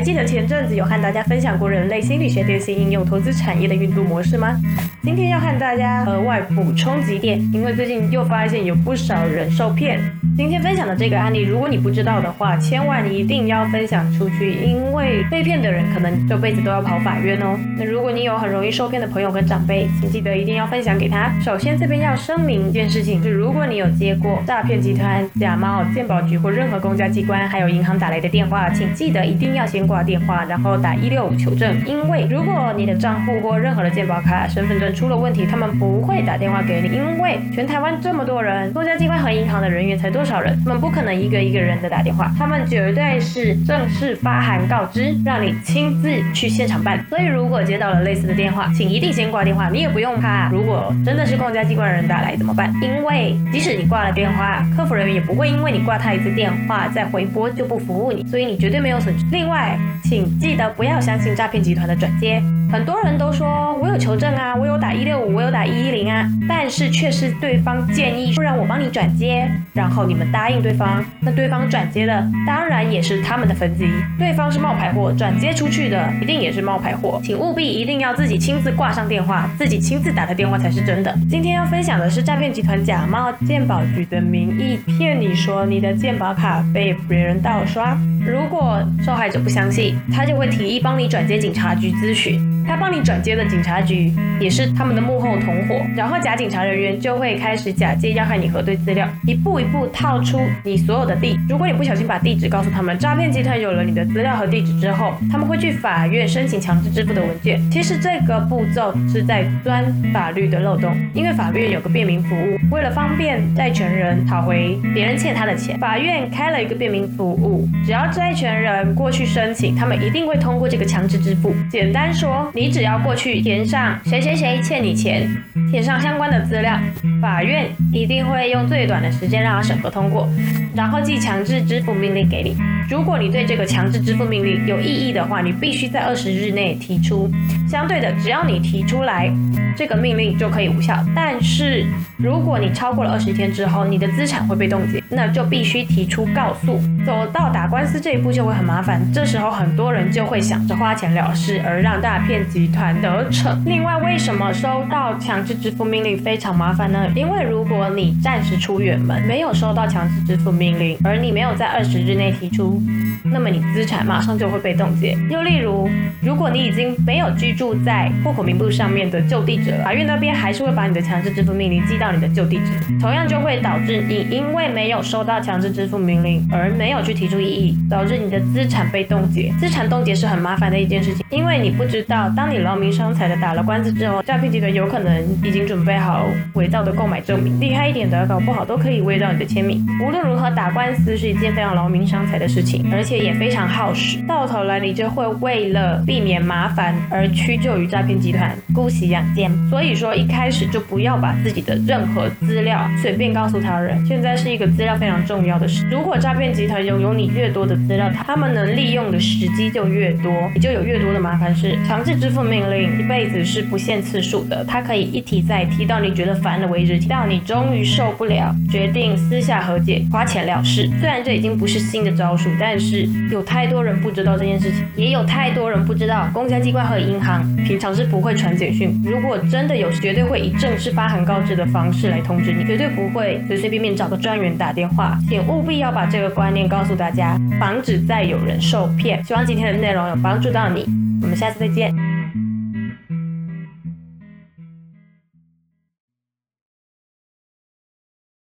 還記得前陣子有和大家分享過人類心理學電信應用投資產業的運作模式嗎？今天要和大家額外補充幾點，因為最近又發現有不少人受騙。今天分享的這個案例，如果你不知道的話，千萬一定要分享出去，因為被騙的人可能這輩子都要跑法院哦。那如果你有很容易受騙的朋友跟長輩，請記得一定要分享給他。首先，這邊要聲明一件事情，就是如果你有接過詐騙集團假冒健保局或任何公家機關，還有銀行打來的電話，請記得一定要先掛電話，然後打一六五求證。因為如果你的賬戶或任何的健保卡、身份證出了問題，他們不會打電話給你，因為全台灣這麼多人，公家機關和銀行的人員才多少，少人，他們不可能一個一個人的打電話，他們絕對是正式發函告知，讓你親自去現場辦。所以，如果接到了類似的電話，請一定先掛電話。你也不用怕，如果真的是公家機關的人打來怎麼辦？因為即使你掛了電話，客服人員也不會因為你掛他一次電話再回撥就不服務你，所以你絕對沒有損失。另外，請記得不要相信詐騙集團的轉接。很多人都說我有求證啊，我有打一六五，我有打一一零啊，但是卻是對方建議，不然我幫你轉接，然後你們答應對方，那對方轉接了，當然也是他們的分機，對方是冒牌貨，轉接出去的一定也是冒牌貨，請務必一定要自己親自掛上電話，自己親自打的電話才是真的。今天要分享的是詐騙集團假冒健保局的名義騙你說你的健保卡被別人盜刷，如果受害者不相信，他就會提議幫你轉接警察局諮詢。他幫你轉接的警察局也是他們的幕後的同夥，然後假警察人員就會開始假借要害你核對資料，一步一步套出你所有的地址。如果你不小心把地址告訴他們，詐騙集團有了你的資料和地址之後，他們會去法院申請強制支付的文件。其實這個步驟是在鑽法律的漏洞，因為法院有個便民服務，為了方便債權人討回別人欠他的錢，法院開了一個便民服務，只要債權人過去申請，他們一定會通過這個強制支付。簡單說，你只要過去填上誰誰誰欠你錢，填上相關的資料，法院一定會用最短的時間讓他審核通過，然後寄強制支付命令給你。如果你對這個強制支付命令有異議的話，你必須在二十日內提出。相對的，只要你提出來，這個命令就可以無效。但是如果你超過了二十天之後，你的資產會被凍結，那就必須提出告訴，走到打官司這一步就會很麻煩。這時候很多人就會想着花錢了事，而讓詐騙集團得逞。另外，為什麼收到強制支付命令非常麻煩呢？因為如果你暫時出遠門，沒有收到強制支付命令，而你沒有在二十日內提出。那麼你資產馬上就會被凍結。又例如，如果你已經沒有居住在戶口名簿上面的舊地址了，法院那邊還是會把你的強制支付命令寄到你的舊地址，同樣就會導致你因為沒有收到強制支付命令而沒有去提出異議，導致你的資產被凍結。資產凍結是很麻煩的一件事情，因為你不知道，當你勞民傷財的打了官司之後，詐騙集團有可能已經準備好偽造的購買證明，厲害一點的，搞不好都可以偽造你的簽名。無論如何，打官司是一件非常勞民傷財的事。而且也非常耗時，到頭來你就會為了避免麻煩而屈就於詐騙集團，姑息養奸。所以說，一開始就不要把自己的任何資料隨便告訴他人。現在是一個資料非常重要的事。如果詐騙集團擁有你越多的資料，他們能利用的時機就越多，你就有越多的麻煩事。強制支付命令一輩子是不限次數的，它可以一提再提，到你覺得煩的為止，提到你終於受不了，決定私下和解，花錢了事。雖然這已經不是新的招數。但是有太多人不知道這件事情，也有太多人不知道，公家機關和銀行平常是不會傳簡訊。如果真的有，絕對會以正式發函告知的方式來通知你，絕對不會隨隨便便找個專員打電話。請務必要把這個觀念告訴大家，防止再有人受騙。希望今天的內容有幫助到你，我們下次再見。